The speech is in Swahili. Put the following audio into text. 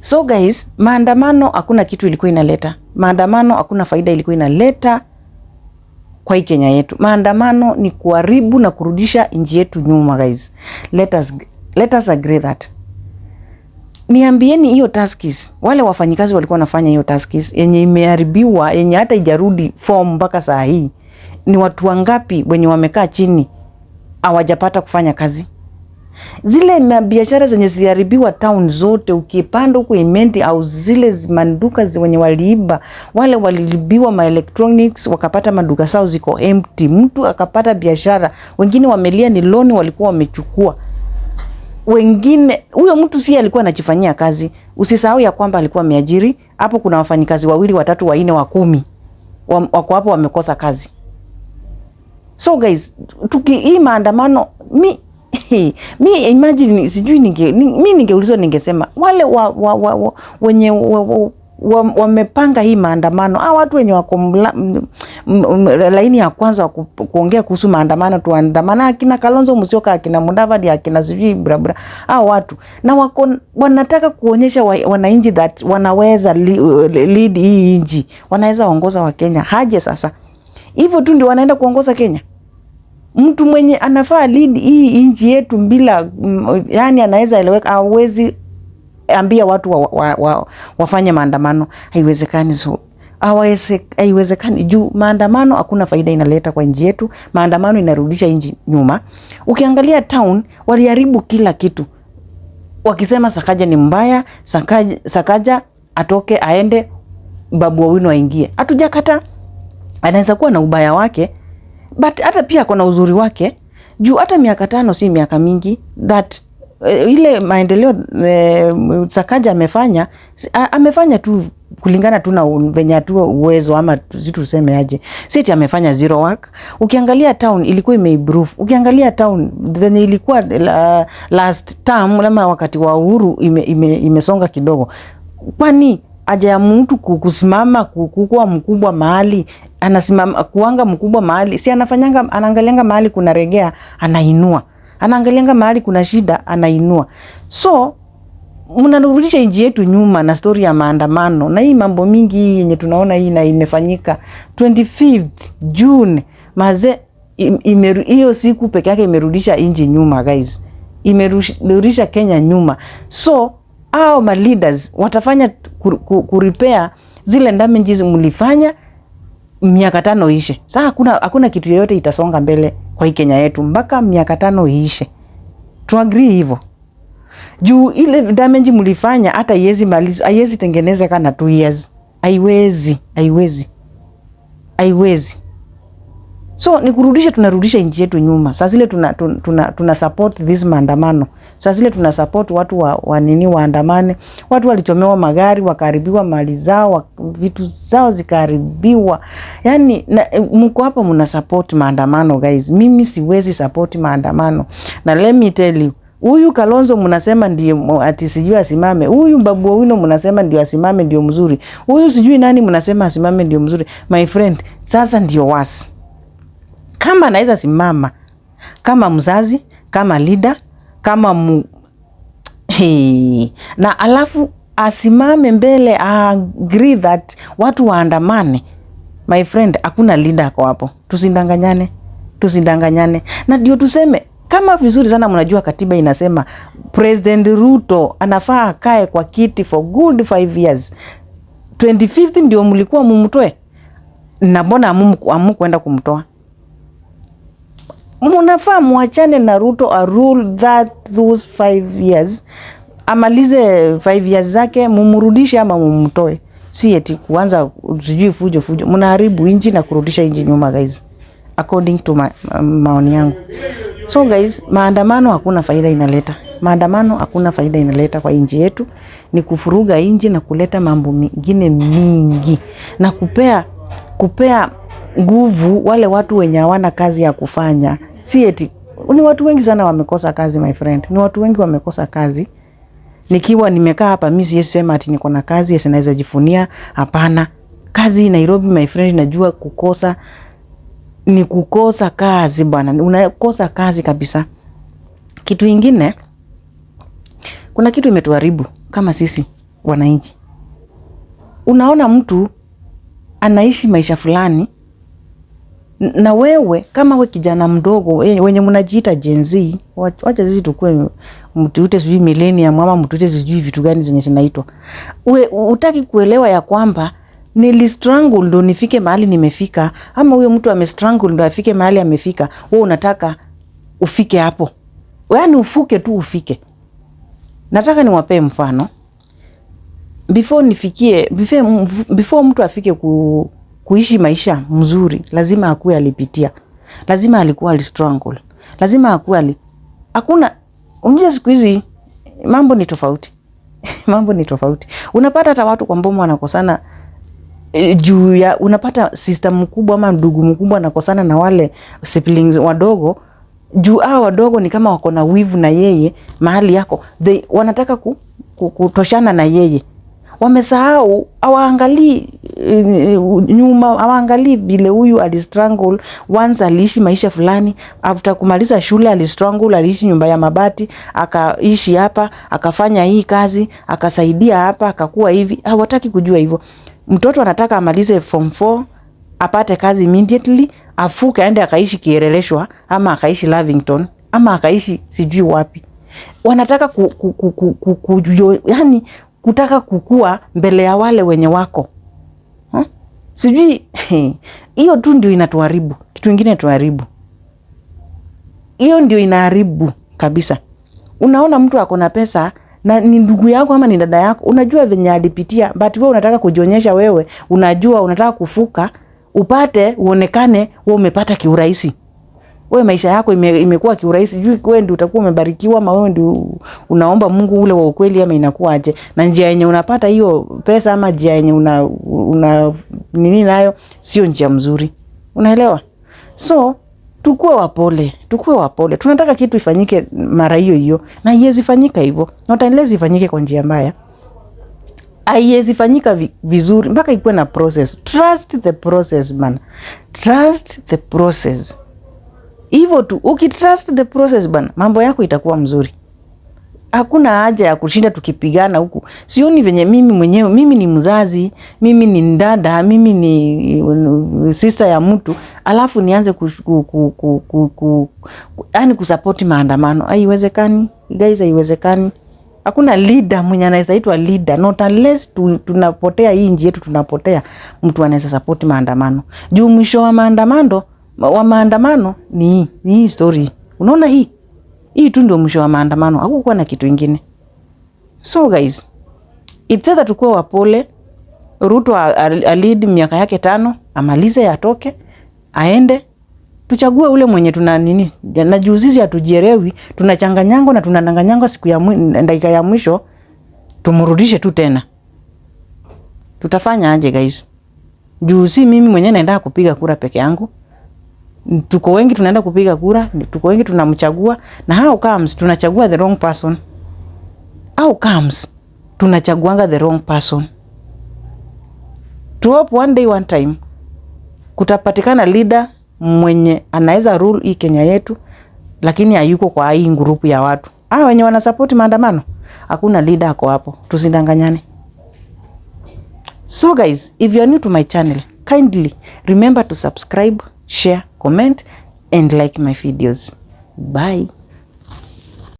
So guys, maandamano hakuna kitu ilikuwa inaleta. Maandamano hakuna faida ilikuwa inaleta kwa hii Kenya yetu. Maandamano ni kuharibu na kurudisha nchi yetu nyuma guys. Let us, let us agree that. Niambieni hiyo taskis, wale wafanyikazi walikuwa wanafanya hiyo taskis yenye imeharibiwa, yenye hata ijarudi form mpaka saa hii, ni watu wangapi wenye wamekaa chini hawajapata kufanya kazi? zile biashara zenye ziharibiwa town zote, ukipanda huko Imenti au zile manduka zenye waliiba wale walilibiwa electronics, wakapata maduka sao ziko empty, mtu akapata biashara. Wengine wamelia ni loni walikuwa wamechukua wengine huyo mtu si alikuwa anajifanyia kazi. Usisahau ya kwamba alikuwa ameajiri hapo, kuna wafanyikazi wawili watatu wanne wa kumi wako hapo wamekosa kazi. So guys, tuki hii maandamano mi Hey, mi imagine sijui ninge, mi ningeulizwa ningesema wale wa, wa, wa, wa, wenye wa, wa, wa, wa hii maandamano au watu wenye wako laini ya kwanza wa kuongea kuhusu maandamano tuandamana, akina Kalonzo Musyoka, akina Mudavadi, akina sijui brabra au watu na wako wanataka kuonyesha wa, wananchi that wanaweza li, lead hii nchi wanaweza ongoza wa Kenya haje sasa, hivyo tu ndio wanaenda kuongoza Kenya mtu mwenye anafaa lead hii inji yetu bila mm, yani, anaweza eleweka, hawezi ambia watu wa, wa, wa, wafanye maandamano. Haiwezekani, so haiwezekani juu maandamano hakuna faida inaleta kwa nchi yetu. Maandamano inarudisha inji nyuma. Ukiangalia town waliharibu kila kitu, wakisema Sakaja ni mbaya, Sakaja, Sakaja atoke aende, Babu Owino aingie. hatujakata anaweza kuwa na ubaya wake but hata pia kuna uzuri wake juu hata miaka tano si miaka mingi that uh, ile maendeleo uh, Sakaja amefanya uh, amefanya tu kulingana tu na venye tu uwezo ama tu aje, siti amefanya zero work. Ukiangalia town ilikuwa imeimprove, ukiangalia town venye ilikuwa la, last term ama wakati wa Uhuru imesonga ime, ime kidogo, kwani aja ya mtu kusimama kukuwa mkubwa mahali anasimama kuanga mkubwa mahali, si anafanyanga, anaangalianga mahali kuna regea, anainua, anaangalianga mahali kuna shida, anainua. So mnarudisha nchi yetu nyuma na stori ya maandamano na hii mambo mingi hii yenye tunaona hii na imefanyika 25 June maze, hiyo siku peke yake imerudisha nchi nyuma guys, imerudisha Kenya nyuma. So hao ma leaders watafanya kuripea zile damages mlifanya miaka tano iishe. Sasa hakuna, hakuna kitu yoyote itasonga mbele kwa hii Kenya yetu mpaka miaka tano iishe. Tu agree hivyo. Juu ile damage mlifanya hata iwezi malizo, haiwezi tengeneza kana two years. Haiwezi, haiwezi. Haiwezi. So ni kurudisha, tunarudisha nchi yetu nyuma. Sasa zile tuna, tuna, tuna, tuna support this maandamano. Sasa zile tuna support watu wa, wa nini waandamane. Watu walichomewa magari, wakaharibiwa mali zao, wak, vitu zao zikaharibiwa. Yaani eh, mko hapa mna support maandamano guys. Mimi siwezi support maandamano. Na let me tell you Huyu Kalonzo mnasema ndiye ati sijui asimame. Huyu Babu Owino mnasema ndio asimame ndio mzuri. Huyu sijui nani mnasema asimame ndio mzuri. My friend, sasa ndio wasi. Kama anaweza simama kama mzazi, kama leader, kama mu... Na alafu asimame mbele agree that watu waandamane. My friend, hakuna leader ako hapo, tusindanganyane, tusindanganyane na ndio tuseme kama vizuri sana. Mnajua katiba inasema President Ruto anafaa akae kwa kiti for good 5 years. 2015 ndio mlikuwa mumtoe, na mbona amukwenda kumtoa? mnafaa muachane na Ruto, a rule that those five years amalize five years zake, mumrudishe ama mumtoe, si eti kuanza sijui fujo fujo. Mnaharibu inji na kurudisha inji nyuma guys, according to ma, maoni yangu. So guys, maandamano hakuna faida inaleta, maandamano hakuna faida inaleta kwa inji yetu, ni kufuruga inji na kuleta mambo mengine mingi na kupea kupea nguvu wale watu wenye hawana kazi ya kufanya. Si eti ni watu wengi sana wamekosa kazi my friend. Ni watu wengi wamekosa kazi. Nikiwa nimekaa hapa mimi siwezi sema ati niko na kazi, yes, naweza jifunia, hapana. Kazi Nairobi my friend, najua kukosa ni kukosa kazi bwana, unakosa kazi kabisa. Kitu ingine, kuna kitu imetuharibu kama sisi wananchi. Unaona mtu anaishi maisha fulani na wewe kama we kijana mdogo wenye mnajiita Gen Z, wacha sisi tukue mtuite sijui millennium ama mtuite sijui vitu gani zenye zinaitwa, utaki kuelewa ya kwamba nilistrangle ndo nifike mahali nimefika, ama huyo mtu amestrangle ndo afike mahali amefika. Wewe unataka ufike hapo, yani ufuke tu ufike. Nataka niwapee mfano before nifikie before, before mtu afike ku kuishi maisha mzuri lazima akuwe alipitia, lazima alikuwa alistruggle, lazima akuwe ali hakuna. Unajua siku hizi mambo ni tofauti mambo ni tofauti. Unapata hata watu kwa mbomo wanakosana e, juu ya unapata sister mkubwa ama ndugu mkubwa anakosana na wale siblings wadogo juu hao wadogo ni kama wako na wivu na yeye mahali yako, they wanataka ku, ku, kutoshana na yeye wamesahau, hawaangalii nyuma, awaangalii vile huyu alistrangle once, aliishi maisha fulani, after kumaliza shule alistrangle, aliishi nyumba ya mabati, akaishi hapa, akafanya hii kazi, akasaidia hapa, akakuwa hivi. Hawataki kujua hivyo. Mtoto anataka amalize form 4 apate kazi immediately, afuke aende akaishi Kiereleshwa ama akaishi Lavington ama akaishi sijui wapi. Wanataka ku, ku, ku, ku, ku, ku, yani kutaka kukua mbele ya wale wenye wako ha? Sijui hiyo tu ndio inatuharibu, kitu ingine tuharibu hiyo ndio inaharibu kabisa. Unaona mtu ako na pesa na ni ndugu yako ama ni dada yako, unajua venye alipitia, but wewe unataka kujionyesha, wewe unajua, unataka kufuka upate uonekane, wewe umepata kiurahisi wewe maisha yako imekuwa ime, kiurahisi, juu wewe ndio utakuwa umebarikiwa ama wewe ndio unaomba Mungu ule wa ukweli ama inakuaje? Na njia yenye unapata hiyo pesa ama njia yenye una, una nini nayo sio njia mzuri, unaelewa? So tukue wapole, tukue wapole. Tunataka kitu ifanyike mara hiyo hiyo, na iwezi fanyika hivyo, na utaendelea ifanyike kwa njia mbaya haiwezi fanyika vizuri mpaka ikuwe na process. Trust the process man, trust the process. Hivyo tu ukitrust the process bana, mambo yako itakuwa mzuri. Hakuna haja ya kushinda tukipigana huku. Sioni venye mimi mwenyewe, mimi ni mzazi, mimi ni dada, mimi ni sista ya mtu, alafu nianze ku, ku, ku, ku, ku, ku, yani kusapoti maandamano. Haiwezekani guys, haiwezekani. Hakuna leader mwenye anaweza itwa leader, not unless tu, tunapotea hii nchi yetu, tunapotea mtu anaweza sapoti maandamano juu mwisho wa maandamano wa maandamano ni hii, ni hii story. Unaona hii hii tu ndio mwisho wa maandamano, hakukuwa na kitu ingine. So guys, it's either tukuwa wapole, Ruto alid miaka yake tano amalize, yatoke aende, tuchague ule mwenye tuna nini na juzizi Hatujielewi, tunachanganyango na tunadanganyangwa, siku ya dakika ya mwisho tumrudishe tu tena. Tutafanya aje guys? Juu si mimi mwenyewe naenda kupiga kura peke yangu tuko wengi tunaenda kupiga kura, tuko wengi tunamchagua, na how comes tunachagua the wrong person? How comes tunachaguanga the wrong person? To hope one day one time kutapatikana leader mwenye anaweza rule hii Kenya yetu, lakini hayuko kwa hii grupu ya watu ah, wenye wanasapoti maandamano. Hakuna leader ako hapo, tusindanganyane. So guys, if you are new to my channel, kindly remember to subscribe, share comment and like my videos. Bye.